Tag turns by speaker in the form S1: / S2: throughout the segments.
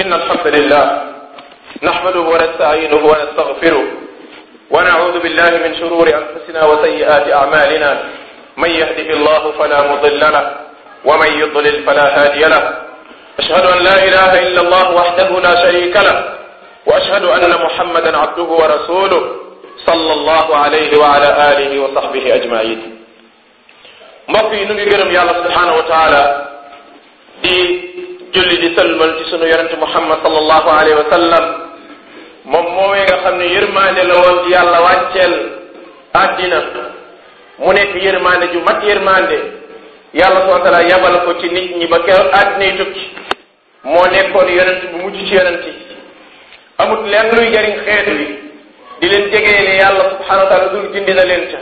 S1: إن الحمد لله نحمده ونستعينه ونستغفره ونعوذ بالله من شرور أنفسنا وسيئات أعمالنا من يهده الله فلا مضل له ومن يضلل فلا هادي له أشهد أن لا إله إلا الله وحده لا شريك له وأشهد أن محمدا عبده ورسوله صلى الله عليه وعلى آله وصحبه أجمعين mbokk yi nu ngi gërëm yàlla subhanahu wa taala di julli di sëlmal ci sunu yonente muhammad sallallahu alayhi wa sallam moom moomee nga xam ne yërmaande la woon ci yàlla wàcceel àddina mu nekk yërmaande ju mat yërmaande yàlla subhanahu wa taala yabal ko ci nit ñi ba keroog ci amut lenn luy jariñ xeet wi di leen jegeele yàlla subhanahu wa taala dul dindi na leen ca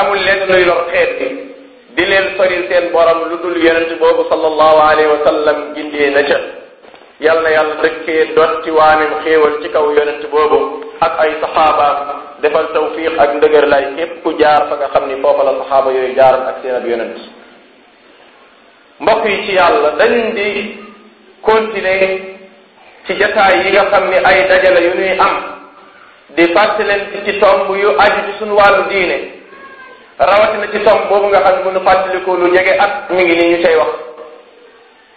S1: amul lenn luy lor xeet bi di leen soril seen borom lu dul yonent boobu sallallahu alayhi wa sallam gindee na ca yal na yàlla dëkkee dotti waaneem xéewal ci kaw yonent boobu ak ay saxaabaam defal tawfiq ak ndëgër lay képp ku jaar fa nga xam ni foofa la saxaaba yooyu jaaroon ak seen ab yonent mbokk yi ci yàlla dañ di continuer ci yi nga ni ay dajale yu ñuy am di fàttalante ci tomb yu aju ci suñu wàllu diine rawatina ci tomb boobu nga xam ne bu nu lu jege at mi ngi ni ñu cay wax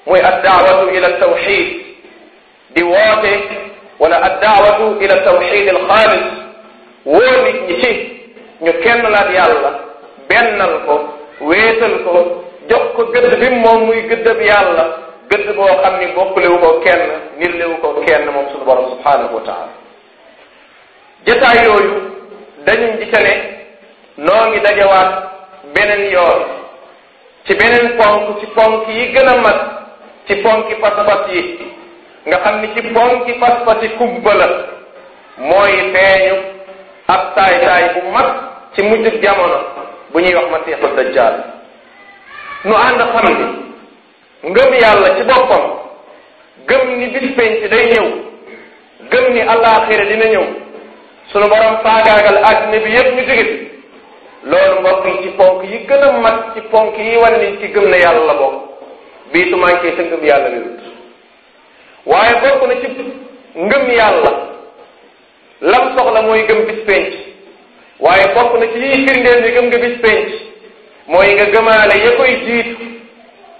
S1: muy ad daawatu ila tawxid di woote wala ad ila tawxid al woo nit ñi ci ñu kenn laat yàlla bennal ko wéetal ko jox ko gëdd bi moom muy gëddab yàlla gëdd boo xam ni bokklewu ko kenn nirlewu ko kenn moom suñu borom subhaanahu wa taala yooyu dañu gisane noo ngi dajawaat beneen yoon ci beneen ponk ci ponk yi gën a mag ci ponki pas-pas yi nga xam ni ci ponki pas-pasi kubba la mooy feeñu ab taay-taay bu mag ci mujjug jamono bu ñuy wax masiixu dajjaal nu ànd xam ni ngëm yàlla ci boppam gëm ni bis penc day ñëw gëm ni àllaaxira dina ñëw sunu borom faagaagal àddina bi yépp ñu jóge loolu mbokk yi ci ponk yi gën a mat ci ponk yi wan ni ci gëm na yàlla la bokk bii su manqué sa ngëm yàlla wérut waaye bokk na ci ngëm yàlla lam soxla mooy gëm bis waaye bokk na ci liy firndeel ni gëm nga bis mooy nga gëmaale ya koy jiitu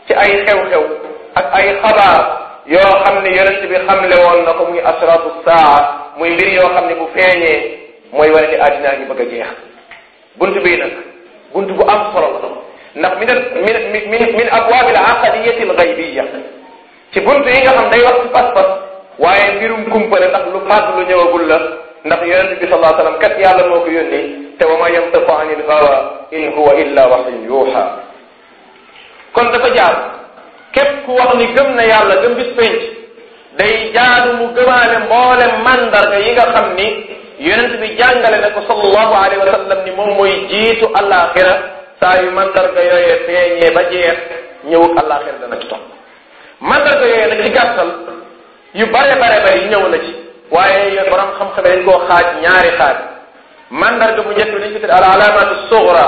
S1: ci ay xew-xew ak ay xabaar yoo xam ne yonent bi xamle woon na ko muy asraatu saa muy mbir yoo xam ne bu feeñee mooy wane ni àddinaa ngi bëgg a jeex bunt bii nag bunt bu am solo la ndax min min min min abwaabil ci bunt yi nga xam day wax ci pas-pas waaye mbirum kumpale lu màgg lu ñëwagul la ndax yonente bi sallallahu alayhi wa sallam kat yàlla moo ko yónni te wa ma yantiqu anil hawa in huwa illa waxyun yuuxa kon dafa jaar képp ku wax ni gëm na yàlla gëm bis penc day jaadu mu gëmaale mboolem mandarga yi nga xam ni yonent bi jàngale na ko sallallahu alayhi wa sallam ni moom mooy jiitu alaxira saa yu mandarga yooyee feeñee ba jeex ñëwug alaxira da ci topp
S2: mandarga yooyee nag ci
S1: gàttal yu bare bare bare ñëw na ci waaye yoon borom xam-xam dañ koo xaaj ñaari xaaj mandarga bu njëkk bi dañ ko tudd al alaamatu sugra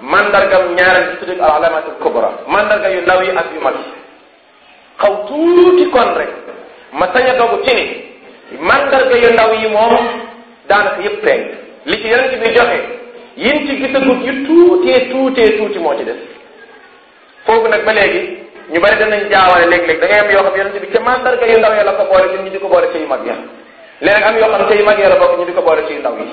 S1: mandargam ñaareel bi tudd al alaamatu kubra mandarga yu ndaw yi ak yu mag xaw tuuti kon rek ma sañ a dogu ci ni mandarga yu ndaw moom daanaka yëpp tey li ci yonent bi joxe yin ci gisagut yu tuutee tuutee tuuti moo ci des foofu nag ba léegi ñu bari danañ jaawale léeg-léeg da ngay am yoo xam yonent bi ca mandarga yu ndaw ya la ko boole ci yu mag ya léeg am yoo xam ca yu mag ya la bokk ñu di ko boole ci yu ndaw yi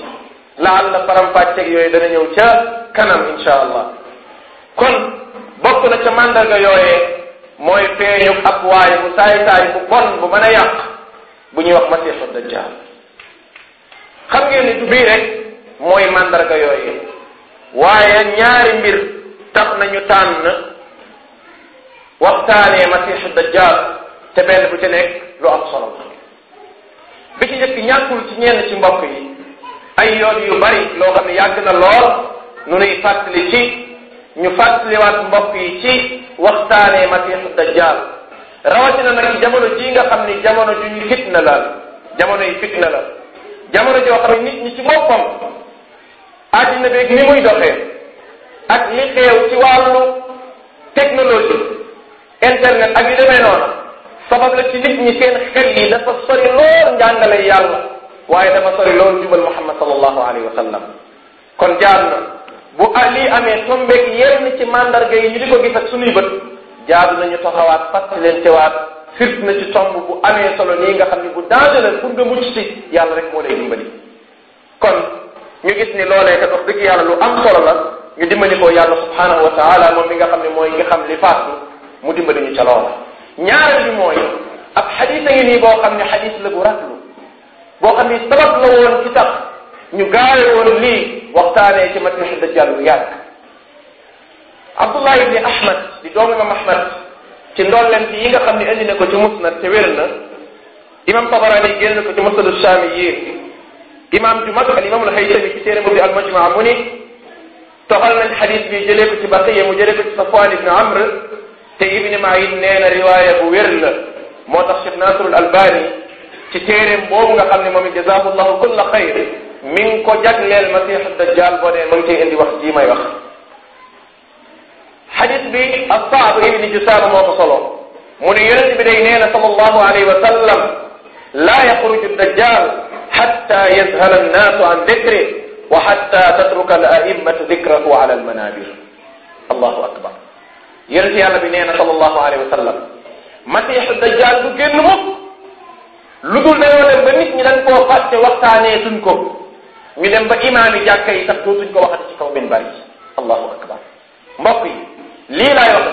S1: laal na faram-fàcceeg yooyu dana ñëw ca kanam insha allah kon bokk na ca mandarga yooyee mooy feeñu ab waaye bu saay saay bu bon bu mën a yàq bu ñuy wax masiixu dajjaal xam ngeen ni bii rek mooy mandarga yooyu waaye ñaari mbir tax nañu tànn waxtaanee masiixu dajjal te benn bu ci nekk lu am solo bi ci njëkk ñàkkul ci ñenn ci mbokk yi ay yoon yu bari loo xam ne yàgg na lool nu nuy fàttali ci ñu fàttaliwaat mbokk yi ci waxtaanee masiixu dajjal na nag jamono ji nga xam ni jamono ju ñu fitna la jamono yi fitna la jamono joo xam ne nit ñi ci boppam àddina beeg ni muy doxee ak li xeew ci wàllu technologie internet ak yu demee noonu sabab la ci nit ñi seen xel yi dafa sori lool njàngale yàlla waaye dafa sori lool jubal Muhammad sallallahu alayhi wa sallam kon jaar na bu lii amee tombeeg yenn ci mandarga yi ñu di ko gis ak sunuy bët jaadu nañu taxawaat fàttali leen tewaat fitna ci tomb bu amee solo nii nga xam ne bu dangereux pour nga mucc ci yàlla rek moo lay dimbali kon ñu gis ni loolee kat wax dëgg yàlla lu am solo la ñu dimbali ko yàlla subhanahu wa taala moom mi nga xam ne mooy nga xam li faatu mu dimbali ñu ca loola ñaareel bi mooy ab xadis a ngi nii boo xam ne xadis la bu ratlu boo xam ne sabab la woon ci tax ñu gaare woon lii waxtaanee ci matnixi dajjal bu yàgg abdullah ibni ahmad di doomu imam ci ndollent yi nga xam ne indi na ko ci musnad te wér na imam tabarani génn ko ci musnadu shaamiyin imam ju mag al imam al haytami ci téere bu di al majmaa mu ni toxal nañ xadis bi jëlee ko ci baqiya mu jëlee ko ci safwan ibn amr te ibni mayin nee na riwaaya bu wér la moo tax cheikh nasrul albani ci téereem boobu nga xam ne moom it jazahu llahu kulla xayr mi ngi ko jagleel masih dajjal boo nee ma ngi cee indi wax jii may wax xadis bi assaab ibni jusaama moo ko solo mu ne yonent bi day nee na sallallahu alayhi wa sallam laa yaxruju dajjal xatta yazhala annaasu an dikri wa xatta tatruka al a'immatu dikrahu ala al manabir allahu akbar yonent yàlla bi nee na sallallahu alayhi wa sallam masiixu dajjal du génn mukk lu dul dayoo dem ba nit ñi dañ koo fàtte waxtaanee suñ ko ñu dem ba imaam yi jàkka yi sax dootuñ ko waxati ci kaw min bari allahu akbar mbokk yi lii laa yor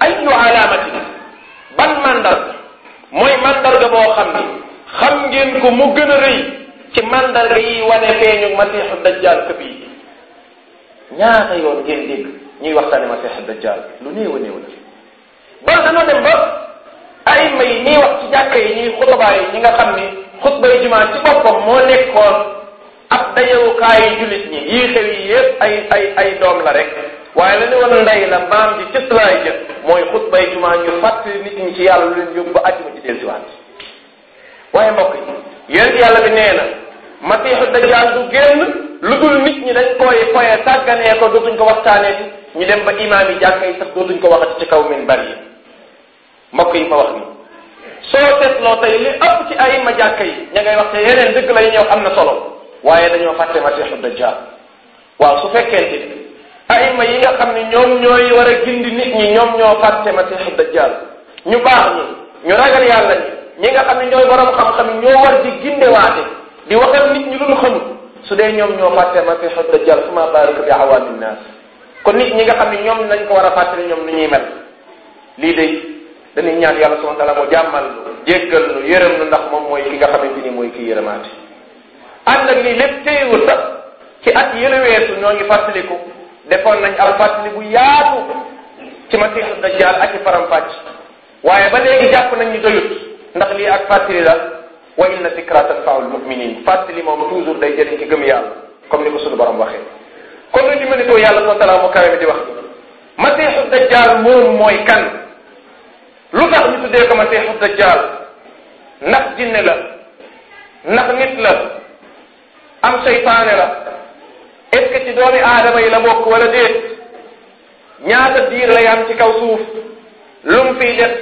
S1: ayu alaamatin ban mandarga mooy mandarga boo xam ni xam ngeen ko mu gën a rëy ci mandarga yi wane feeñu masiixu dajjal kabii ñaata yoon ngeen dégg ñuy waxtaane masiixu dajjal lu néew a néew la ba dañoo dem ba ay may ñuy wax ci jàkka yi ñuy xutbaa ñi nga xam ni xutbay jumaa ci boppam moo nekkoon ab dajewukaayu jullit ñi yii xew yi yëpp ay ay ay doom la rek waaye la ne woon ndey la maam ji cëslaay ja mooy xutbay jumaa ñu fàttali nit ñi ci yàlla lu leen yóbbu ba àjjuma ci dellusiwaat waaye mbokk yi yéen yàlla bi nee na masiixu dajjaal du génn lu dul nit ñi dañ koy foye sàgganee ko dootuñ ko waxtaanee ñu dem ba imaam yi jàkka yi sax dootuñ ko waxati ci kaw min bari mbokk yi ma wax ni soo seetloo tey li ëpp ci ay ma jàkka yi ña ngay wax te yeneen dëgg la yi ñëw am na solo waaye dañoo fàtte masiixu dajjaal waaw ayima yi nga xam ne ñoom ñooy war a gindi nit ñi ñoom ñoo fàtte masiixu dajjal ñu baax ñi ñu ragal yàlla ñi ñi nga xam ne ñooy borom xam-xam ñoo war di gindewaate di waxal nit ñi lu ñu xamul su dee ñoom ñoo fàtte masiixu dajjal suma baraka bi awaami naas kon nit ñi nga xam ne ñoom nañ ko war a fàttali ñoom nu ñuy mel lii de dañuy ñaan yàlla sa wa taala mu jàmmal nu jéggal nu yërëm nu ndax moom mooy ki nga xamante ni mooy ki yërëmaate ànd ak lii lépp téyewul at yële weesu ñoo ngi fàttaliku defoon nañ al fàttali bu yaatu ci masiixu dajjal ak ci faram-fàcc waaye ba léegi jàpp nañ ñu doyut ndax lii ak fàttali la wa inna zikra tanfaul muminin fàttali moom toujours day jëriñ ci gëm yàlla comme ni ko suñu borom waxee kon nag li ma nitoo yàlla soo talaa moo kawe di wax masiixu dajjal moom mooy kan lu tax ñu tuddee ko masiixu dajjal ndax jinne la ndax nit la am seytaane la est ci doomi aadama yi la bokk wala déet ñaata diir lay am ci kaw suuf lum fiy def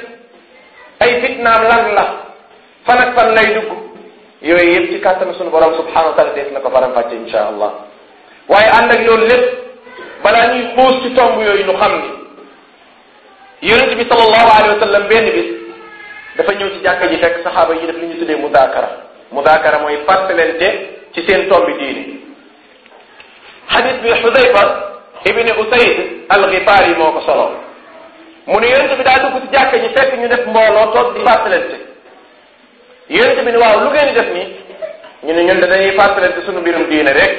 S1: ay fitnaam lan la fan ak fan lay dugg yooyu yëpp ci kàttanu sunu borom subhanahu wa taala def na ko faram-fàcce insha allah waaye ànd ak loolu lépp balaa ñuy xuus ci tomb yooyu ñu xam ni yonent bi sallallahu alayhi wa sallam bis dafa ñëw ci jàkka ji fekk saxaaba yi def li mu tuddee mudaakara mudaakara mooy fàttalente ci seen tombi diini xadis bi xudayfa ibni usayd alxifaar yi moo ko solo mu ne yonente bi daa dugg ci jàkka ji fekk ñu def mbooloo toog di fàttalante yonente bi ne waaw lu ngeen di def nii ñu ne ñun de dañuy fàttalante suñu mbirum diine rek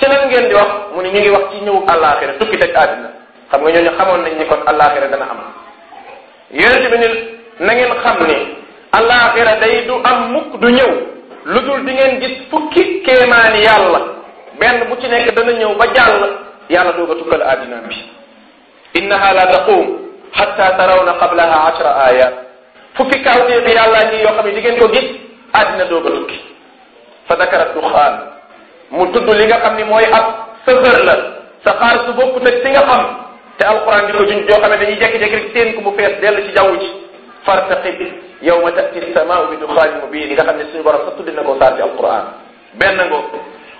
S1: ci lan ngeen di wax mu ne ñu ngi wax ci ñëw àllaaxira tukki teg àddina xam nga ñooñu xamoon nañ ni kon àllaaxira dana am yonente bi ne na ngeen xam ni àllaaxira day du am mukk du ñëw lu dul di ngeen gis fukki kéemaani yàlla benn bu ci nekk dana ñëw ba jàll yàlla doog a tukkal addinaam bi innaha la taqum xa tarawna qablaha ashra ayat fukki kawteefi yàllaa ngi yoo xam ne di ngeen ko gis addina doog a tukki fa dakara duxaan mu tudd li nga xam ni mooy ab sëgër la sa xaar su bokkut ak si nga xam te alquran di ko juñ joo xam ne dañuy jekki-jekki rek seen ko mu fees dell ci jaww ji fartaqib yawma tati samaau bi duxaanin mubin nga xam ne suñu borom sax tudd na ko saar ci alquran benn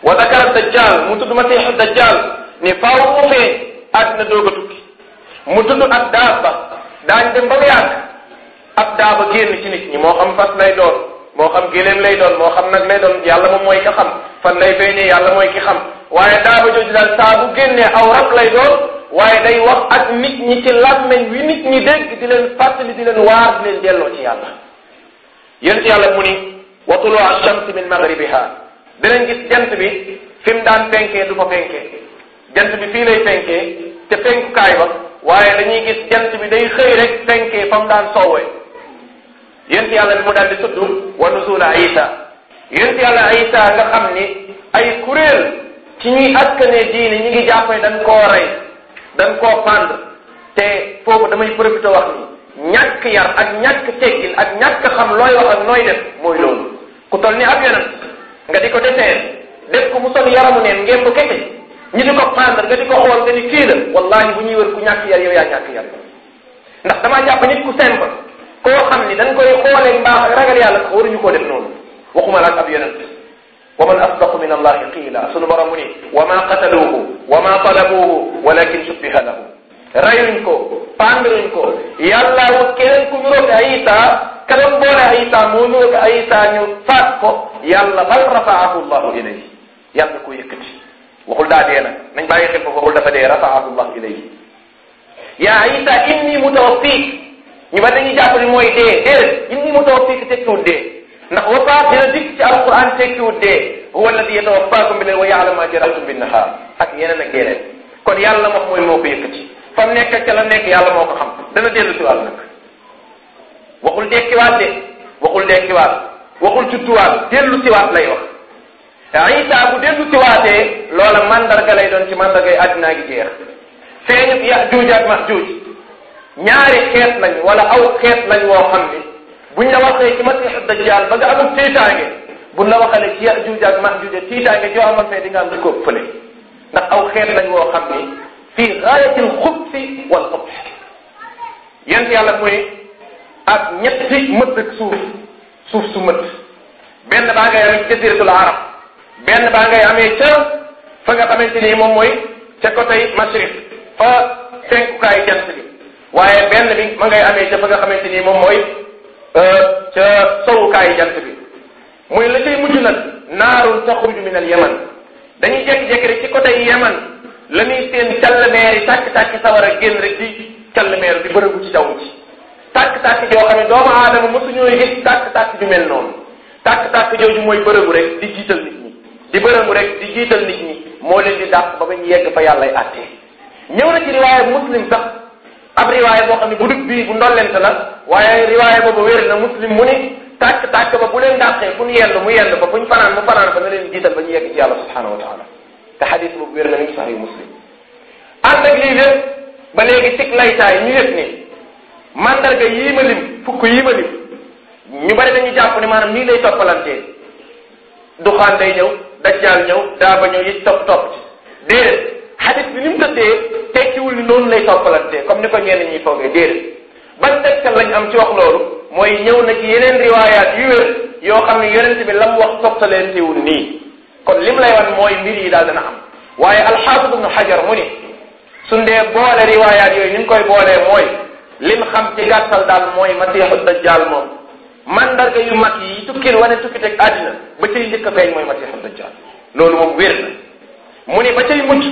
S1: waa dakara dajjal mu tudd masiixu ni faaw mu fee àddina doog a tukki mu tudd ab daaba daañ dem ba mu yàgg ab daaba génn ci nit ñi moo xam fas lay doon moo xam géléem lay doon moo xam nag lay doon yàlla moom mooy ka xam fan lay feeñee yàlla mooy ki xam waaye daaba jooju daal saa bu génnee aw rab lay doon waaye day wax ak nit ñi ci làmmeñ wi nit ñi dégg di leen fàttali di leen waar di leen delloo ci yàlla yéen mu ni wa tuluu ash-shamsi min maghribiha dinañ gis jant bi fi mu daan fenkee du ko fenkee jant bi fii lay fenkee te fenkukaay ba waaye dañuy gis jant bi day xëy rek fenkee fa mu daan soowee yent yàlla bi mu daal di tudd wa nuzula isa yent yàlla isa nga xam ni ay kuréel ci ñuy askanee diine ñi ngi jàppee dañ koo rey dañ koo pànd te foofu damay profité wax ni yar ak ñàkk teggin ak ñàkk xam looy wax ak nooy def mooy loolu ku toll ni ab yonent nga di ko deseen ko mu sol yaramu neen ngeen ko kese ñi di ko pendre nga di ko xool nga ni kii la wallahi bu ñuy wër ku ñàkk ya yow yaa ñàkk yar ndax damaa jàpp nit ku simple koo ni dañ koy xoolee mbaax ak ragal yàlla sax waruñu koo def noonu waxuma laak ab yonent wa man asdaqu min allahi qiila sunu borom mu ni wa ma qataluuhu wa ma talabuuhu walakin subbiha lahu rayuñ ko pandruñ ko yàlla wut keneen ku ñu roog Isa ka doon boole Isa moo ñu roog Isa ñu ko yàlla bal rafaahu llahu ilayhi yàlla da ko yëkkati waxul daa dee nag nañ bàyyi xel foofu waxul dafa dee rafaahu llahu ilayhi yaa isa inni mutawaffik ñu ba dañuy jàpp ni mooy dee déedéet inni mutawaffik tekkiwut dee ndax wafaat dina dikk ci alquran tekkiwut dee huwa alladi yatawaffakum bi layl wa ya'lamu ma jarahtum bin nahar ak yeneen ak yeneen kon yàlla wax mooy moo ko yëkkati fa mu nekk ca la nekk yàlla moo ko xam dana dellu si waat nag waxul dekkiwaat de waxul dekkiwaat waxul ci tuwaat dellu siwaat lay wax Isa bu dellu siwaatee loola mandarga lay doon ci mandarga yi àddinaa gi jeex feeñu Yajuuj ak Majuuj ñaari xeet lañ wala aw xeet lañ woo xam ni buñ la waxee ci Masiixu Dajjaal ba nga amul tiitaange buñ la waxalee ci Yajuuj ak Majuuj tiitaange joo amoon ne di nga am lu ko fële ndax aw xeet lañ woo xam ni fii gaayatil xubsi wal xubs yent yàlla muy ak ñetti mëdd ak suuf suuf su mët benn baa ngay amee benn baa ngay amee ca fa nga xamante ni moom mooy ca côté mashriq fa fenkukaay jant bi waaye benn bi ma ngay amee ca fa nga xamante ni moom mooy euh, ca sowukaay jant bi muy la cay mujj nag naarun taxruju min al yaman dañuy jékki-jékki rek ci côté yaman la ñuy seen call meer yi tàkk-tàkk sawar a génn rek di call meer di bërëgu ci jaww ji tàkk-tàkk joo xam ne doomu aadama mosuñoo gis tàkk-tàkk ju mel noonu tàkk-tàkk jooju mooy bërëmu rek di jiital nit ñi di bërëmu rek di jiital nit ñi moo leen di dàq ba ba ñu yegg fa yàllay àtte ñëw na ci riwaaya muslim sax ab riwaaya boo xam bu dugg bii bu ndollente la waaye riwaaya boobu wér na muslim mu ni tàkk-tàkk ba bu leen dàqee fu ñu yend mu yend ba fu ñu fanaan mu fanaan ba na leen jiital ba ñu yegg ci yàlla subhanahu wa taala te xadis
S2: mandarga yii ma lim
S1: fukk yii ma lim ñu bari dañuy jàpp ne maanaam nii lay toppalantee duxaan day ñëw dajjaal ñëw daa ba ñëw yi topp topp ci déedéet bi ni mu tëddee tekkiwul ni noonu lay toppalantee comme ni ko ñenn ñi foogee déedéet ban tegtal lañ am ci wax loolu mooy ñëw na ci yeneen riwaayaat yu wér yoo xam ne yonent bi lam wax toppalantewul nii kon lim lay wan mooy mbir yi daal dana am waaye alxaafid ibnu xajar mu ni su ndee boole riwaayaat yooyu ni ñu koy boolee li lim xam ci gàttal daal mooy masiixu dajjaal moom mandarga yu mat yi tukki wane tukki teg àddina ba cay njëkk a feeñ mooy masiixu dajjaal loolu moom wér na mu ne ba cay mucc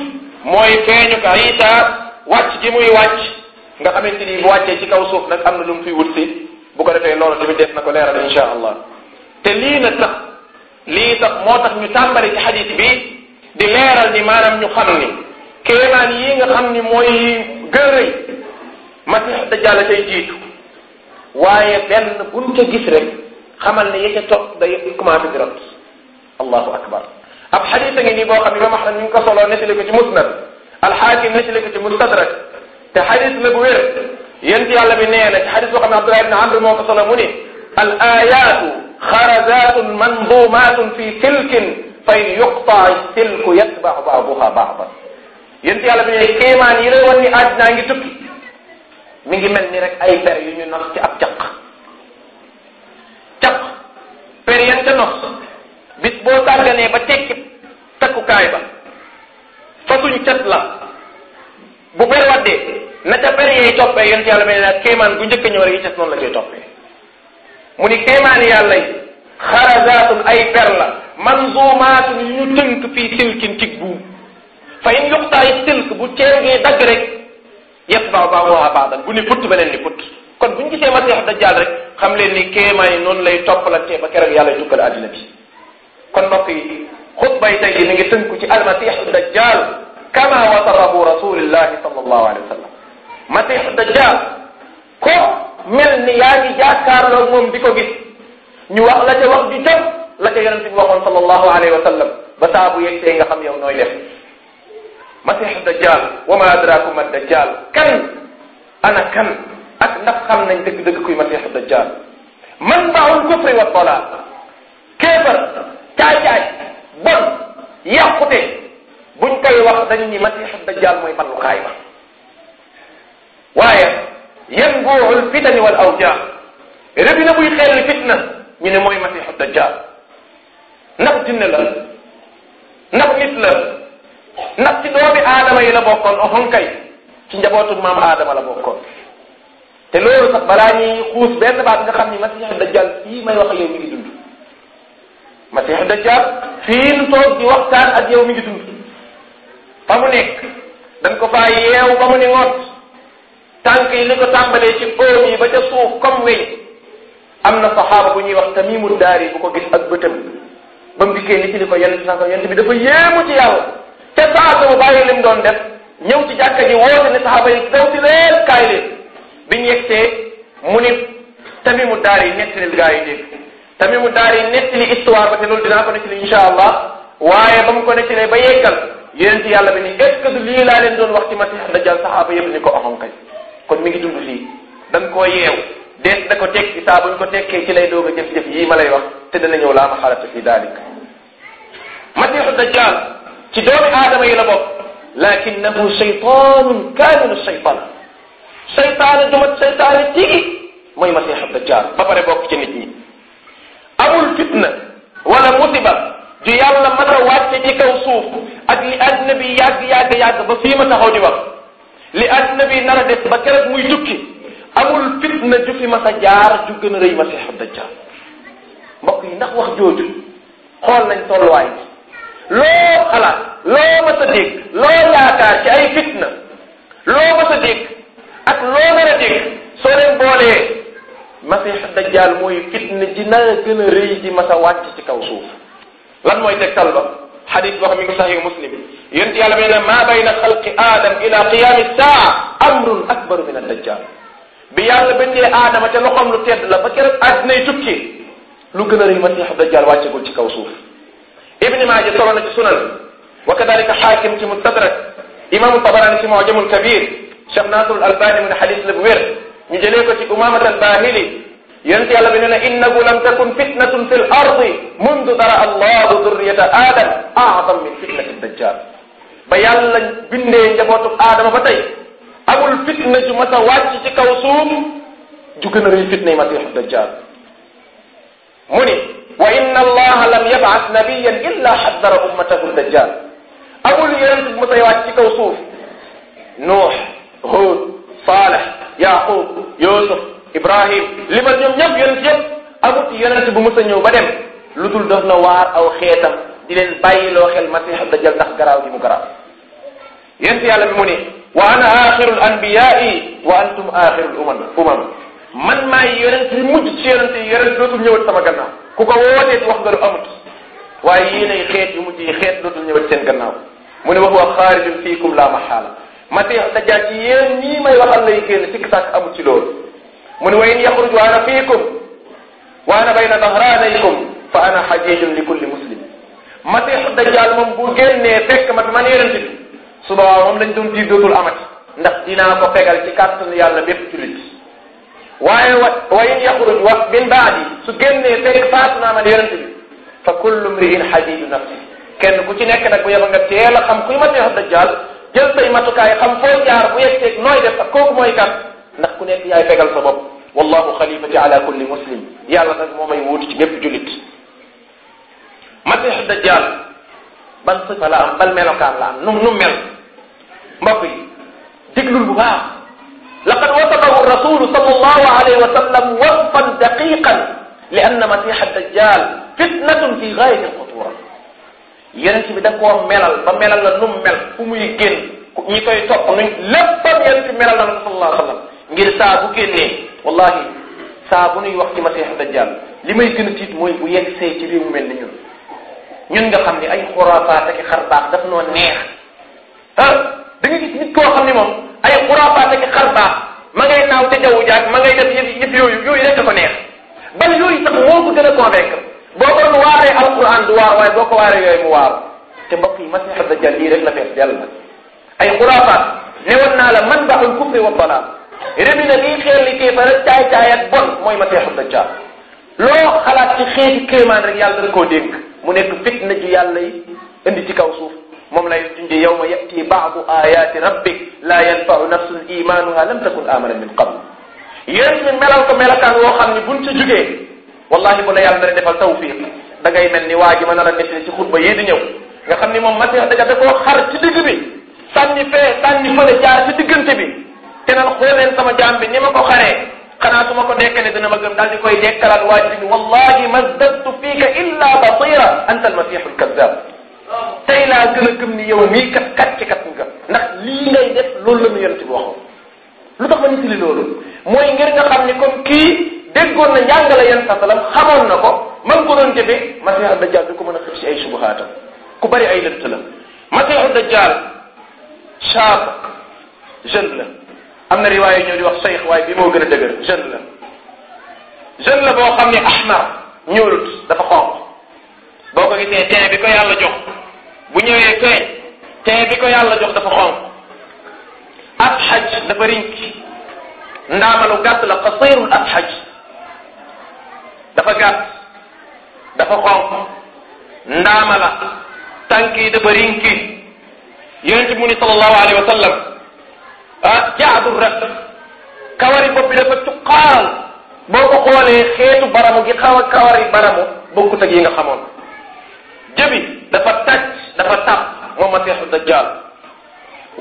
S1: mooy feeñu ka Isa wàcc gi muy wàcc nga xamante ni bu wàccee ci kaw suuf nag am na lu mu fiy wut si bu ko defee loolu tamit def na ko leeral insha allah te lii na tax lii tax moo tax ñu tàmbali ci xadis bi di leeral ni maanaam ñu xam ni kéemaan yii nga xam ni mooy gën a masih dajjal cay jiitu waaye benn buñ ca gis rek xamal ne ya ca topp day commencé di rot allahu akbar ab xadis a ngi nii boo xam ne imam ahmad mi ngi ko soloo nettali ko ci musnad alxaakim nettali ko ci mustadrak te xadis la bu wér yent yàlla bi nee na ci xadis boo xam ne abdullah ibn amr moo ko solo mu ni al ayatu xarazatun mandumatun fi silkin fa in yuqta silku yatbau baaduha baadan yent yàlla bi ne kéemaan yi lay wan ni àddinaa ngi tukki mu ngi mel ni rek ay per yu ñu nos ci ab caq caq per yan ca nos bis boo sàgganee ba tekki takkukaay ba fasuñ cat la bu per waddee na ca per yee toppee yonent yàlla mel ne kéemaan bu njëkk ñëw rek yi cat noonu la koy toppee mu ni kéemaan yàlla yi xarajaatun ay per la manzumaatun yu ñu tënk fii silkin ci buum fa in yuxtaa silk bu ceeb dagg rek yëpp baaw baaw waa baadan bu ni putt beneen ni putt kon bu ñu gisee masiix dajjaal rek xam leen ni kéemaay noonu lay toppalantee ba keroog yàlla tukkal àddina bi kon mbokk yi xutba yi tey ji mi ngi tënku ci almasiixu dajjaal kama wasarahu rasulillahi sallallahu alayhi wa sallam masiixu dajjaal ko mel ni yaa ngi jàkkaarloo moom di ko gis ñu wax la ca wax ju jëm la ca yonente bi waxoon sallallahu alayhi wa sallam ba saa bu yegsee nga xam yow nooy def masiixu dajjal wa ma adraaku ma dajjal kan ana kan ak ndax xam nañ dëgg-dëgg kuy masiixu dajjal man baawul kufri wa dalal kéefar caay-caay bon yàqute buñ koy wax dañ ni masiixu dajjal mooy ballukaay ba waaye yanbuuxul fitani wal awjaa rëbi na buy xeel fitna ñu ne mooy masiixu dajjal ndax jinne la ndax nit la nag ci doomi aadama yi la bokkoon oxon kay ci njabootu maam aadama la bokkoon
S2: te loolu sax balaa
S1: ñuy xuus benn baat nga xam ni masiixu dajjal fii may wax ak yow mi ngi dund masiixu dajjal fii nu toog di waxtaan ak yow mi ngi dund fa mu nekk dañ ko faa yeew ba mu ni ngoot tànk yi li ko tàmbalee ci óom yi ba ca suuf comme wey am na saxaaba bu ñuy wax tamimu daari bu ko gis ak bëtam ba mu ni ci li ko yenn saa ko yenn bi dafa yéemu ci yàlla te saasa bu bàyyi lim doon def ñëw ci jàkka ji woote ne saxaaba yi daw si leen kaay leen bi ñu yegsee mu ni tamimu daar yi nettali gaa yi dégg tamimu daar yi nettali histoire ba te loolu dinaa ko nettali incha allah waaye ba mu ko nettalee ba yeggal yéen ci yàlla bi ni est ce que du lii laa leen doon wax ci Masiix Dajjal saxaaba yëpp ni ko oxam kay kon mi ngi dund lii dañ koo yeew dees na ko tekki saa buñ ko tekkee ci lay doog a jëf yii ma lay wax te dana ñëw laa ma xalata fi daalik Masiixu Dajjal ci doomi aadama yi la bokk lakinnahu shaytaanun kaaminu shaytaan shaytaane du mat shaytaane tigi mooy masiixu dajjaal ba pare bokk ci nit ñi amul fitna wala musiba ju yàlla mën a wàcce ci kaw suuf ak li addina bi yàgg yàgg yàgg ba fii ma taxaw di wax li addina bi nar a des ba keroog muy tukki amul fitna ju fi mas a jaar ju gën a rëy masiixu dajjaal mbokk yi ndax wax jooju xool nañ tolluwaay loo xalaat loo mës a dégg loo yaakaar ci ay fitna loo mës a dégg ak loo nar a dégg soo leen boolee masih mooy fitna ji naa gën a rëy di mas ci kaw lan mooy tegtal ba xadis boo xam mi ngi saxihu muslim yonent yàlla mee ne maa bayna xalqi aadam ila qiyaami saa amrun akbaru min addajjal bi yàlla bindee aadama te loxoom lu tedd la ba keroog àddinay tukki lu gën a rëy masih dajjal wàccegul ci kaw suuf ibni maaja solo na ci sunan wa kadalika xaakim ci mustadrak imaamu tabarani ci mojamul kabir cheikh nasrul albani mu ne xadis la bu wér ñu jëlee ko ci umamat albahili yonent yàlla bi ne ne innahu lam takun fitnatun fi l ardi mundu dara allahu durriyata aadam aadam min fitnati dajjal ba yàlla bindee njabootu aadama ba tey amul fitna ju mas a wàcc ci kaw suuf ju gën a rëy fitna yi masiixu dajjal mu ni wa inna allaha lam yab'ath nabiyan illa xaddara ummatahu dajjal amul yonent bu mos a wàcc ci kaw suuf nuux Huud Saalex Yaaqub Yoosuf Ibrahim limal ñoom ñëpp yonent yëpp amul yonent bu mos a ñëw ba dem lu dul dox na waar aw xeetam di leen bàyyiloo xel masiixu dajjal ndax garaaw gi mu garaaw yonent yàlla bi mu ne wa ana axirul anbiyaai wa antum axirul umam umam man maay yonent bi mujj ci yonent yi yonent dootul ñëwat sama gannaaw ku ko wootee wax nga lu amut waaye yéen ay xeet yu mujj yi xeet dootul ñëwat seen gannaaw mu ne wax wa xaarijum fiikum la maxaala masih dajjal ci yéen ñii may waxal lay génn sikk sàkk amut ci loolu mu ne wa in yaxruj wa ana fiikum wa ana bayna dahranaykum fa ana xajijun li kulli muslim masih dajjal moom bu génnee fekk ma man yonent bi suba moom lañ doon tiit dootul amati ndax dinaa ko fegal ci kàttanu yàlla bépp jullit waaye wa wa in yaxruj wa min baadi su génnee fekk faatu naa man yonent fa kullu mriin xadidu nafsi kenn ku ci nekk nag ku yaba nga teel a xam kuy masiixu dajjaal jël say matukaay xam foo jaar bu yegteeg nooy def ak kooku mooy ndax ku nekk yaay fegal sa bopp wallahu xalifati ala kulli muslim yàlla nag moo may wuutu ci bépp jullit masiixu dajjaal ban sifa la am laqad wasafahu rasulu sallallahu alayhi wa sallam wasfan daqiqan li anna masiha dajjal fitnatun fi gaayati alxutura yonent bi da koo melal ba melal la nu fu muy génn ñi koy topp nuñ léppam yonent bi melal na ko sallallahu alayhi wa sallam ngir wallahi saa bu nuy wax ci masiha dajjal li may gën a tiit mooy bu yegg see ci réew mu mel ni ñun ñun nga xam ne ay xuraafaat ak xar baax daf noo neex ah da nga gis nit koo xam ne moom ay xuraafaat ak xar baax ma ngay naaw te jaww jaag ma ngay def yëf yëf yooyu yooyu rek ko neex bal yooyu sax moo ko gën a convaincre boo ko doon waaree alquran du waar waaye boo ko waaree yooyu mu waaru te mbokk yi masiha dajjal lii rek la fees dell na
S2: ay xuraafaat
S1: newoon naa la man baaxul kufri wa balaa rébi na lii xeer li kéefa rek caay caay ak bon mooy masiha dajjal loo xalaat ci xeeti kéemaan rek yàlla da koo dégg mu nekk fitna ji yàlla yi indi ci kaw suuf moom lay junj yawma yati baadu ayaati rabbik laa yanfau nafsun imaanuha lam takun amanat min qabl yéen ñu melal ko melakaan woo xam ni buñ ci jugee wallahi bu la yàlla dana defal tawfiq da ngay mel ni waa ji mën a la defee ci xutba yii di ñëw nga xam ni moom matière daga da koo xar ci digg bi sànni fee sànni fële jaar ci diggante bi te nal xool leen sama jaam bi ni ma ko xaree xanaa su ma ko dekkale dina ma gëm daal di koy dekkalaat waa ji bi wallahi ma zadtu fiika illa basira anta almasihu alkazab tey laa gën a gëm ni yow mii kat kat ci kat nga ndax lii ngay def loolu la ñu yonent bi waxoon lu tax ma ñu tili loolu mooy ngir nga xam ni comme kii déggoon na njàngale yan sasalam xamoon na ko man ko doon jëfee masiixu dajjaal du ko mën a xëpp si ay subuhaatam ku bari ay lëtt la masiixu dajjaal shaab jeune la am na riwaay ñoo di wax cheikh waaye bi moo gën a dëgër jeune la jeune la boo xam ne ahmar ñuulut dafa xonq boo ko gisee teen bi ko yàlla jox bu ñëwee fee tee bi ko yàlla jox dafa xonq ab xaj dafa rinc ndaamalu gàtt la qasirul ab xaj dafa gàtt dafa xonq ndaama la tànk yi dafa rinki yonente mu ni sallallahu alayhi wa sallam ah jaadu rek kawari bopp bi dafa tuqaaral ko xoolee xeetu baramu gi xaw a kawari baramu bokkut ak yi nga xamoon jëbi dafa taj dafa tàpp moom masiixu dajjaal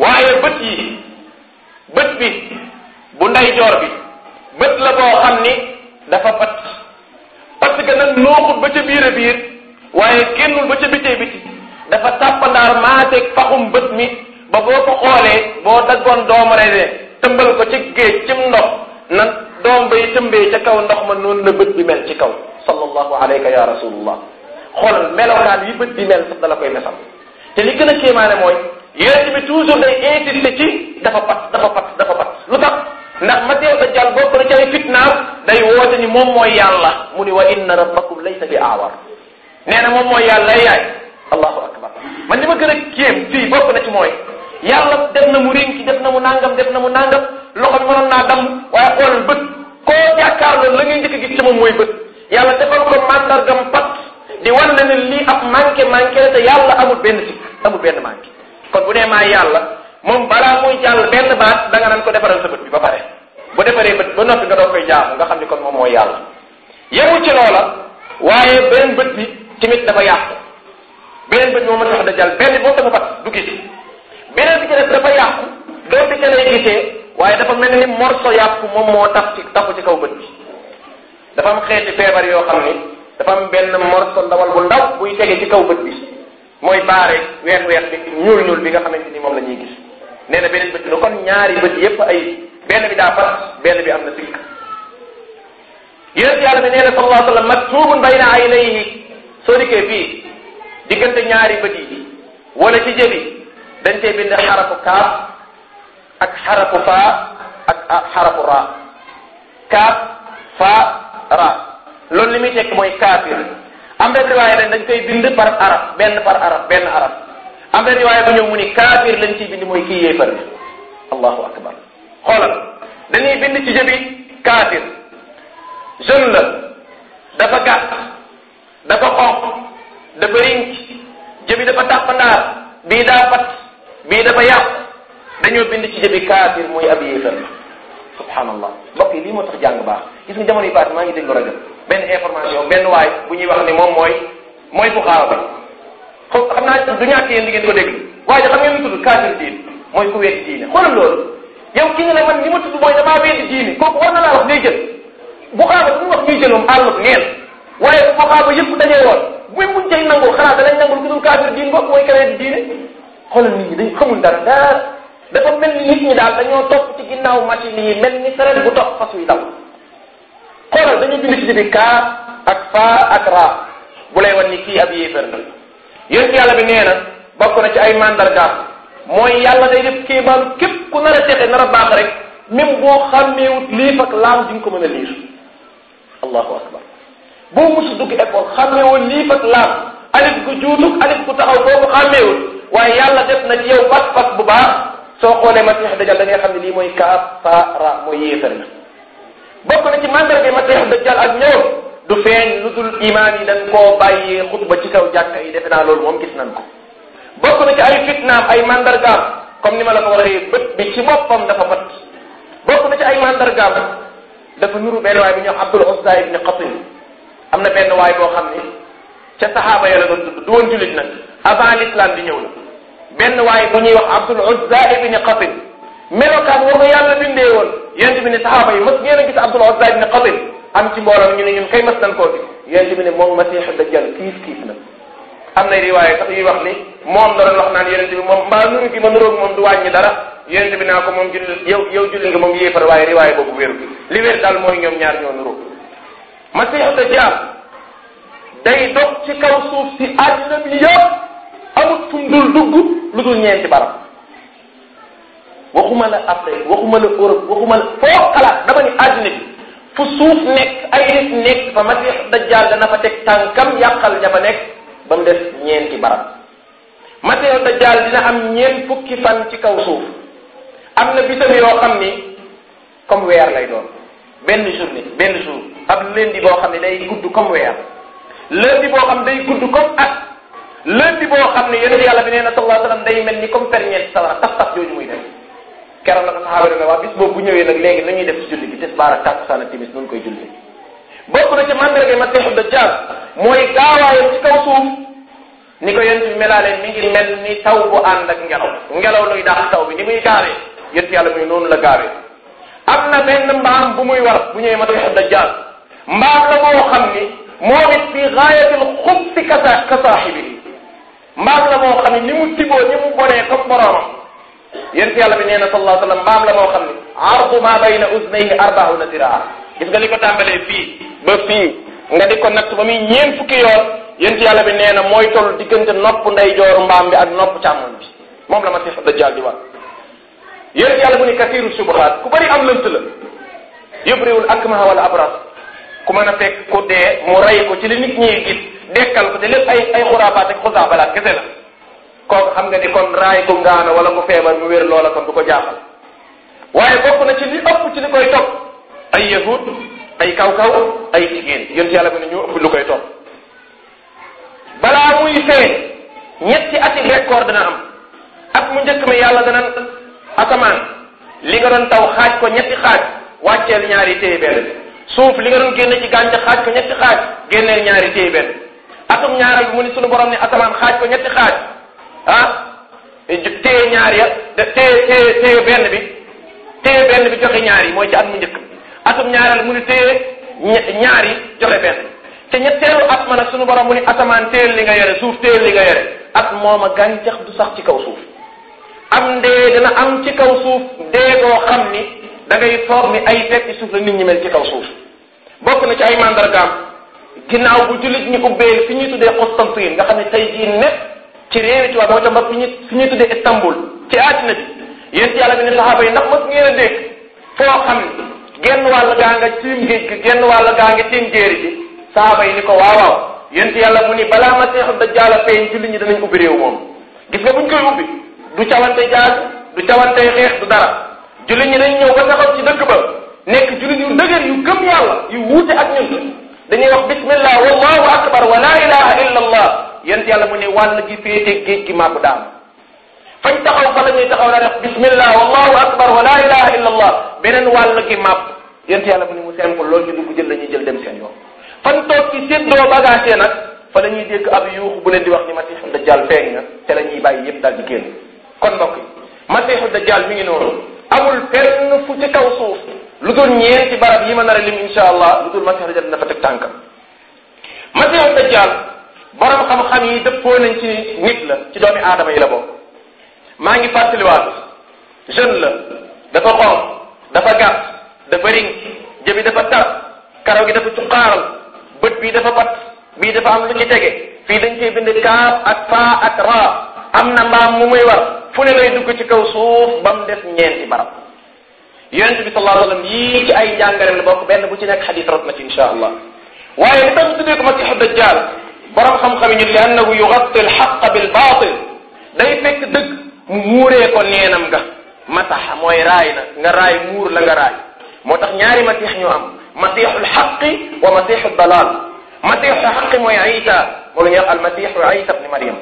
S1: waaye bët yi bët bi bu ndeyjoor bi bët la boo xam ni dafa pat parce que nag nooxut ba ca biir a biir waaye génnul ba ca bitee biti dafa tàppandaar maateeg faxum bët mi ba boo ko xoolee boo daggoon doom rek tëmbal ko ci géej cim ndox na doom bay tëmbee ca kaw ndox ma noonu la bët bi mel ci kaw sallallahu alayka ya rasulullah xol melokaan yi bët di mel sax dala koy mesal te li gën a kéemaane mooy yonente bi toujours day insister ci dafa pat dafa pat dafa pat lu tax ndax Masiihu Dajjaal bokk na ci ay fitnaam day woote ni moom mooy yàlla mu ni wa inna rabbakum laysa bi aawar
S2: nee moom mooy yàlla yaay
S1: allahu akbar man li ma gën a kéem fii bokk na ci mooy yàlla def na mu rinki def na mu nangam def na mu nangam loxo bi mënoon naa damm waaye xoolal bët koo jàkkaarloo la ngay njëkk a gis ci moom mooy bët yàlla defal ko mandargam pat di wan ne lii ab manqué manqué la te yàlla amul benn sikk amul benn manqué kon bu nee maa yàlla moom balaa muy jàll benn baat da nga naan ko defaral sa bët bi ba pare bu defaree bët ba noppi nga doo koy jaamu nga xam ne kon moom mooy yàlla yemu ci loola waaye benn bët bi tamit dafa yàqu beneen bët bi moo mën a boo ko fat du gis beneen bi ci def dafa yàqu doon bi ca lay gisee waaye dafa mel ni moom moo tax ci taxu ci kaw bët bi dafa am xeeti feebar yoo xam ni dafa am benn morso ndawal bu ndaw buy tege ci kaw bët bi mooy baare weex weex bi ñuul ñuul bi nga xamante ni moom la ñuy gis nee na beneen bët la kon ñaari bët yépp ay benn bi daa fas benn bi am na sikk yonent yàlla bi nee na sallallahu alayhi wa sallam maktubun bayna aynayhi soo dikkee fii ñaari bët yi wala ci jëbi dañ cee bind xarafu kaaf ak xarafu faa ak xarafu raa kaaf faa raa loolu li muy tekk mooy kaafir am na riwaaya dañ dañ koy bind par arab benn par arab benn arab am na riwaaya bu ñëw mu ni kaafir lañ ciy bind mooy kii yéefar bi allahu akbar xoolal dañuy bind ci jëbi kaafir jeune la dafa gàtt dafa xonq dafa rinc jëbi dafa tàppandaar bii daa pat bii dafa yàq dañoo bind ci jëbi kaafir mooy ab yéefar subhanallah mbokk yi lii moo tax jàng baax gis nga jamono yi paase maa ngi déglu ben benn information benn waay bu ñuy wax ne moom mooy mooy bu xaaba xaw xam naa du ñàkk yéen di ngeen ko déglu waaye xam ngeen ñu tudd kaafir diin mooy ku weddi diine xoolal loolu yow ki nga ne man li ma tudd mooy bu weddi diine kooku war na laa wax day jël bu xaaba bu ñu wax ñuy jël moom àll ngeen waaye bu xaaba yëpp dajee woon da ku dul kaafir diin di diine xoolal dafa mel ni nit ñi daal dañoo topp ci ginnaaw machine yi mel ni sareet bu topp fas wi daw xoolal dañu bind ci bi kaaf ak faa ak raa bu lay wan ni kii ab yéefar la yonent yàlla bi nee na bokk na ci ay mandargaam mooy yàlla day def kéemaan képp ku na a texe nar a baax rek même boo xàmmeewut liif ak laam di nga ko mën a liir allahu akbar boo musu dugg école xàmmeewul liif ak laam alif gu juutug alif gu taxaw boo ko xàmmeewut waaye yàlla def na ci yow bu baax soo xoolee masiix dajjal da ngay xam ne lii mooy kaafara mooy yéefar na bokk na ci mandarga masiix dajjal a ñëw du feeñ lu dul imaam yi dañ koo bàyyi xutba ci kaw jàkka yi defe naa loolu moom gis nañ ko bokk na ci ay fitnaam ay mandargaam comme ni ma la ko waxee bët bi ci boppam dafa mat bokk na ci ay mandargaam dafa nuru benn waay bi ñuy wax Abdul Uzza ibn Qatin am na benn waay boo xam ne ca saxaaba ya la doon tudd du woon jullit nag avant l'islam di ñëw la benn waaye bu ñuy wax Abdul Uzza ibni Qatin melokaan woo ko yàlla bindee woon yonent bi ne saxaaba yi mës ngeen a gis Abdul Uzza ibni Qatin am ci mbooloo ñu ne ñun kay mës nañ koo gis bi ne moom Masiixu Dajjal kiis kiis na am na riwaaya sax yuy wax ni moom la doon wax naan yonent bi moom mbaa nuru gi ma nuroog moom du wàññi dara yonent bi naa ko moom julli yow yow julli nga moom yéefar waaye riwaaya boobu wéru li wér daal mooy ñoom ñaar ñoo nuru Masiixu Dajjal day dox ci kaw suuf si àddina bi yëpp lu dul ñeenti barab waxuma la Afrique waxuma la Europe waxuma la foo xalaat dama ni àdduna bi fu suuf nekk ay nit nekk fa Masih Dajjal dana fa teg tànkam yàqal ña nekk ba mu des ñeenti barab Masih Dajjal dina am ñeent fukki fan ci kaw suuf am na bisam yoo xam ni comme weer lay doon benn journée benn jour ab di boo xam ne day gudd comme weer lundi boo xam day gudd comme at lundi boo xam ne yonent yàlla bi nee na sallallahu alayhi wa sallam day mel ni comme ferñeent sawara taf taf jooju muy def keroog la ko saxaaba ne waa bis boobu bu ñëwee nag léegi nañuy def ci julli bi tisbaar ak takkusaan ak timis noonu koy julli bokk na ci mandarga masiixu dajjaal mooy gaawaayam ci kaw suuf ni ko yonent bi melaalee mi ngi mel ni taw bu ànd ak ngelaw ngelaw luy daal taw bi ni muy gaawee yonent yàlla muy noonu la gaawee am na benn mbaam bu muy war bu ñëwee masiixu dajjaal mbaam la boo xam ni moom it bi gaayatil xub si kasa kasaaxibi mbaam la moo xam ne ni mu tiboo ni mu bonee comme boroomam yonent yàlla bi nee na sallallahu alayhi wa sallam mbaam la moo xam ne ardu ma bayna usnayhi arbauna siraa gis nga li ko tàmbalee fii ba fii nga di ko natt ba muy ñeen fukki yoon yonent yàlla bi nee na mooy toll diggante nopp ndeyjooru mbaam bi ak nopp càmmoñ bi moom la masiix dajjaal di wax yonent yàlla bu ne kasiiru subuhaat ku bëri am lënt la yubriwul akmaha wala abras ku mën a fekk ku dee mu rey ko ci li nit ñi dekkal ko te lépp ay ay xuraabaat ak xusaabalaat kese la ko xam nga ni kon raay ku ngaana wala mu feebar mu wér loola kon du ko jaaxal waaye bokk na ci li ëpp ci li koy topp ay yahud ay kaw-kaw ay jigéen yonent yàlla bi ñu ëpp lu koy topp balaa muy fee ñetti ati record dana am at mu njëkk mi yàlla dana asamaan li nga doon taw xaaj ko ñetti xaaj wàcceel ñaari téye benn suuf li nga doon génne ci gàncax xaaj ko ñetti xaaj génneel ñaari téye benn atum ñaaral bi mu ni sunu borom ni asamaan xaaj ko ñetti xaaj ah? téye ñaar ya téye téye téye benn bi téye benn bi joxe ñaar yi mooy ci at mu njëkk atum ñaaral mu ni téye ñaar yi joxe benn te ñetteelu at ma nag sunu borom mu ni asamaan téyel li nga yore suuf téyel li nga yore at mooma gàncax du sax ci kaw suuf am ndee dina am ci kaw suuf dee xam ni da ngay foog ni ay teg ci suuf la nit ñi mel ci kaw suuf bokk na ci ay mandargaam ginnaaw bu jullit ñi ubbee fi ñuy tuddee Constantine nga xam ne tey jii nekk ci réewi tubaab moo tax fi ñu fi ñuy tuddee Istanbul ci àddina na yéen ci yàlla bi ne saxaaba yi ndax mos ngeen a dégg foo xam genn wàll gaa nga tiim géej gi genn wàll gaa nga tiim jéeri ji saxaaba yi ni ko waaw waaw yéen yàlla mu ni balaa Masiixu Dajjaal a feeñ jullit ñi danañ ubbi réew moom gis nga buñ koy ubbi du cawante jaag dara jullit ñi dañ ñëw ba taxaw ci nekk jullit yu dëgër yu gëm yu wuute ak ñun dañuy wax bismillah wallahu akbar wa la ilaha illa allah yent yàlla mu ne wàll gi féete géej gi maa ko daan fañ taxaw fa la ñuy taxaw daa def bismillah wallahu akbar wa la ilaha illa allah beneen wàll gi màpp yent yàlla mu ne mu seen ko loolu ñu dugg jël la ñuy jël dem seen yoon fan toog ci séddoo bagage nag fa la ñuy dégg ab yuuxu bu leen di wax ni masiixu dajjal feeñ na ñuy bàyyi yëpp daal di génn kon mbokk yi masiixu dajjal mi ngi noonu amul fenn fu ci kaw suuf lu dul ñeenti barab yi ma nar a lim insha allah lu dul masiixu dajjal dina fa teg tànkam
S2: masiixu dajjal
S1: borom xam-xam yi dëppoo nañ ci nit la ci doomi aadama yi la bokk maa ngi fàttaliwaat jeune la dafa xonq dafa gàtt dafa ring jëbi dafa tar karaw gi dafa cuqaaral bët bi dafa bat bii dafa am lu tege fii dañ koy bind kaaf ak faa ak raa am na mbaam mu muy war fu ne lay ci kaw suuf ba mu des ñeenti barab yonente bi sallallahu alayhi wa sallam yii ci ay njàngareem la bokk benn bu ci nekk xadis rot na ci insha allah waaye li tax tuddee ko a dajjal borom xam-xam yi ñu li annahu yugatti alxaq bilbatil day fekk dëgg mu neenam nga masaxa mooy raay na nga raay muur la nga raay moo tax ñaari masiix ñu am masiixu lxaqi wa masiixu dalal masiixu xaqi mooy isa moo lu ñuy wax almasiixu isa bni mariam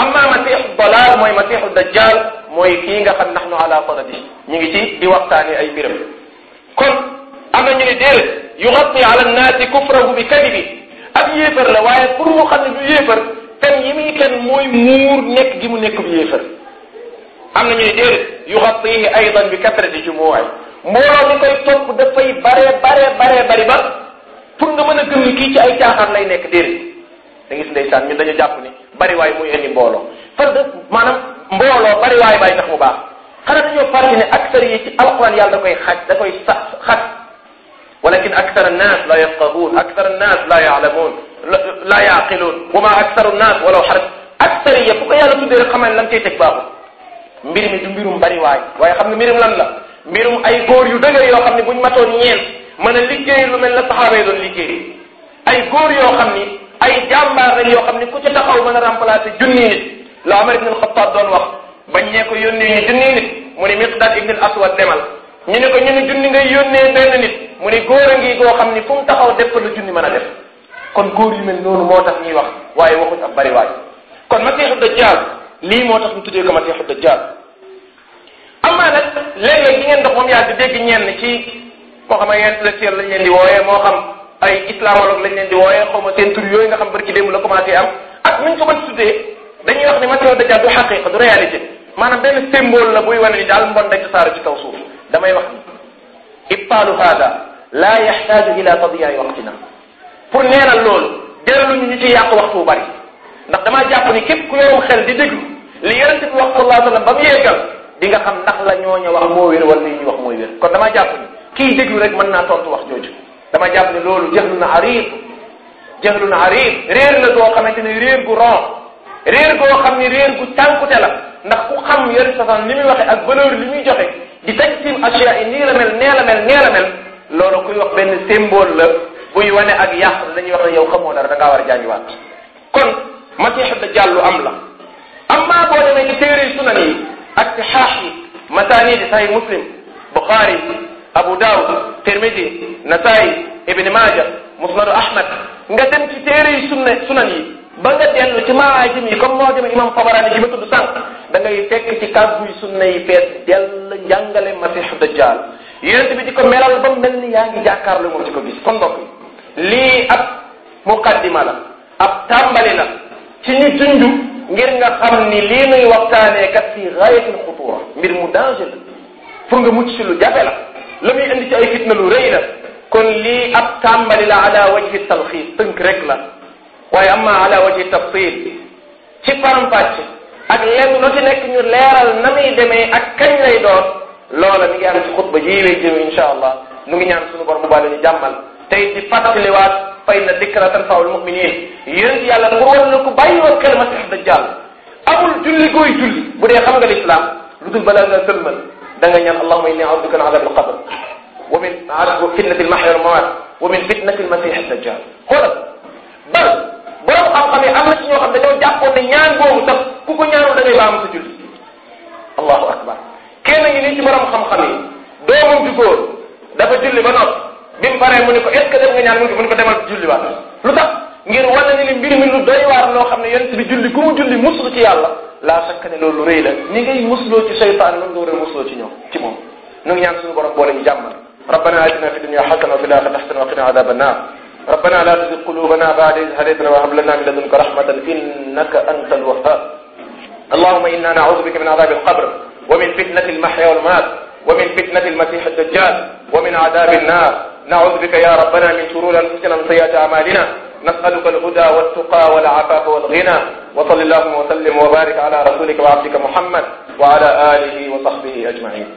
S1: amma masiixu dalaal mooy masiixu dajjaal mooy kii nga xam nahnu ala sanadi ñu ngi ci di waxtaani ay mbiram kon am na ñu ne déedéet yugatti ala nnaasi kufrahu bi kadibi ab yéefar la waaye pour mu xam ne du yéefar fen yi muy fen mooy muur nekk gi mu nekk bu yéefar am na ñu ne déedéet yugatihi aydan bi kasrati jumuwaay mbooloo mi koy topp dafay bare bare bare bari ba pour nga mën a gëm ni kii ci ay caaxaan lay nekk déedéet da gis ndeysaan ñun dañu jàpp ni bariwaay muy indi mbooloo fard maanaam mbooloo bariwaay baay tax mu baax xanaa dañoo fàtte ne aktar yi ci alquran yàlla da koy xaj da koy sax xas walakin aktar annas la yafqahun aktar annas la yaalamun la yaaqilun la ma aktar annas walaw xarat aktar yi fu ko yàlla tuddee rek xamal lam cay teg baaxul mi du mbirum bariwaay waaye xam nga mbirum lan la mbirum ay góor yu dëgër yoo xam ne buñ matoon ñeent mën a liggéey lu mel na saxaaba doon liggéey ay góor yoo xam ni ay jàmbaar lañ yoo xam ne ku ci taxaw mën a remplacer junni nit la Omar ibn al-Khattab doon wax bañ ne ko yónnee ñu junni nit mu ne Miqdad ibn al demal ñu ne ko ñu ne junni ngay yónnee benn nit mu ne góor a ngi goo xam ni fu mu taxaw def fa lu junni mën a def kon góor yu mel noonu moo tax ñuy wax waaye waxuñ ab bari waay kon masiixu dajjaal lii moo tax ñu tuddee ko masiixu dajjaal amaa nag léeg-léeg di ngeen dox moom yaa di dégg ñenn ci moo xam ay intellectuel lañ leen di wooyee moo ay islamologue lañ leen di wooyee xaw ma seen tur yooyu nga xam barki démb la commencé am ak nuñ ko mën tuddee dañuy wax ni ma Dajjaal du xaqiqa du réalité maanaam benn symbole la buy wane ni daal mbon day tasaaru ci kaw suuf damay wax ni ibtaalu hada laa yaxtaaju ila tadiyaay waqtina pour neenal loolu delluñu ñu ci yàq waxtu bu bari ndax damaa jàpp ni képp ku yorum xel di déglu li yonent bi wax sallallahu alayhi wa sallam ba mu di nga xam ndax la ñooña wax moo wér wala li ñuy wax mooy wér kon dama jàpp ni kii déglu rek mën naa tontu wax jooju dama jàpp loolu jaxlu na arib jaxlu na arib réer la goo xamante ne réer gu ron réer goo xam ne réer gu tànkute la ndax ku xam yari safaan li muy waxe ak valeur li muy joxe di tajsim asiya yi nii la mel nee la mel nee la mel loolu kuy wax benn symbole la buy wane ak yàq dañuy wax ne yow xamoo dara da war a jàngiwaat kon masiixu dajjaal lu am la amma boo demee ci téere sunan yi ak ci xaax yi masaani di sahih muslim buxaari Abu Dawud Tirmidhi Nasaayi Ibn Maaja Musnadu Ahmad nga dem ci téere yi sunna sunan yi ba nga dellu ci maajim yi comme moo jëm imam Tabarani ci ba tudd sànq da ngay fekk ci kàddu yi sunna yi fees dell njàngale Masiixu Dajjaal yonent bi di ko melal ba mel ni yaa ngi jàkkaarloo moom ci ko gis kon mbokk yi ab muqaddima la ab tàmbali la ci ñu junj ngir nga xam ni nuy waxtaanee kat fi gaayatil xutuura mbir mu danger la pour nga mucc lu jafe la la muy indi ci ay fitna lu rëy la kon lii ab tàmbali la ala wajhi talxiis tënk rek la waaye amma ala wajhi tafsil ci faram ak lenn lu ci nekk ñu leeral na muy demee ak kañ lay doon loola mi ngi am ci xutba yii lay jëm insha nu ngi ñaan suñu borom bu baale ñu jàmmal tey di fàttaliwaat a inna dikra tanfaul muminin yéen yàlla pour war na ko bàyyi woon kalimat dajjal amul julli gooy julli bu dee xam nga lislaam lu dul balaa nga da nga ñaan allahuma inni a'udhu bika min adhabi alqabr wa min fitnati almahya wal mamat wa min fitnati almasih ad-dajjal xoolal bal borom ku ko ñaanul da ngay baamu sa julli allahu akbar kenn ngi nii ci borom xam-xam yi doomam ju góor dafa julli mu paree mu ne ko est ce ko demal julli waat lu tax ngir wane ni mbir mi lu doy waar loo xam ne yonent bi julli ku mu julli musul ci yàlla laa sakk ne loolu rëy la ñi ngay musloo ci seytaane noonu nga war a musloo ci ñoom ci moom ñu ngi ñaan suñu borom boole ñu jàmmal rabbana atina fi dunya xasana wa fi laxirati xasana wa qina adaba annar rabbana la tuzig qulubana baada id hadaytana wa hab lana min ladunka rahmatan innaka anta alwahab
S2: allahuma inna naudu
S1: bika min adabi alqabr wa min fitnati almahya walmamat wa min fitnati almasih addajjal wa min adabi annar naudu bika ya rabbana min shururi anfusina wa sayyiati amalina nasaluka alhuda waltuqa walaafafa walghina wa salli allahuma wa sallim wa barik ala rasulika wa abdika muhammad wa ala alihi wa sahbihi ajmain